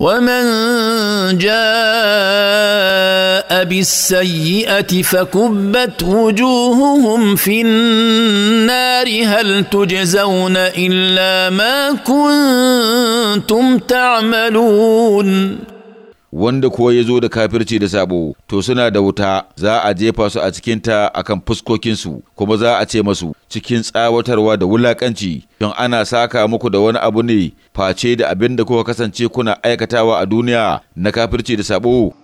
ومن جاء بالسيئه فكبت وجوههم في النار هل تجزون الا ما كنتم تعملون wanda kuwa ya zo da kafirci da sabo to suna da wuta za a jefa su a cikinta a kan fuskokinsu kuma za a ce masu cikin tsawatarwa da wulakanci don ana saka muku da wani abu ne face da abin da kuka kasance kuna aikatawa a duniya na kafirci da sabo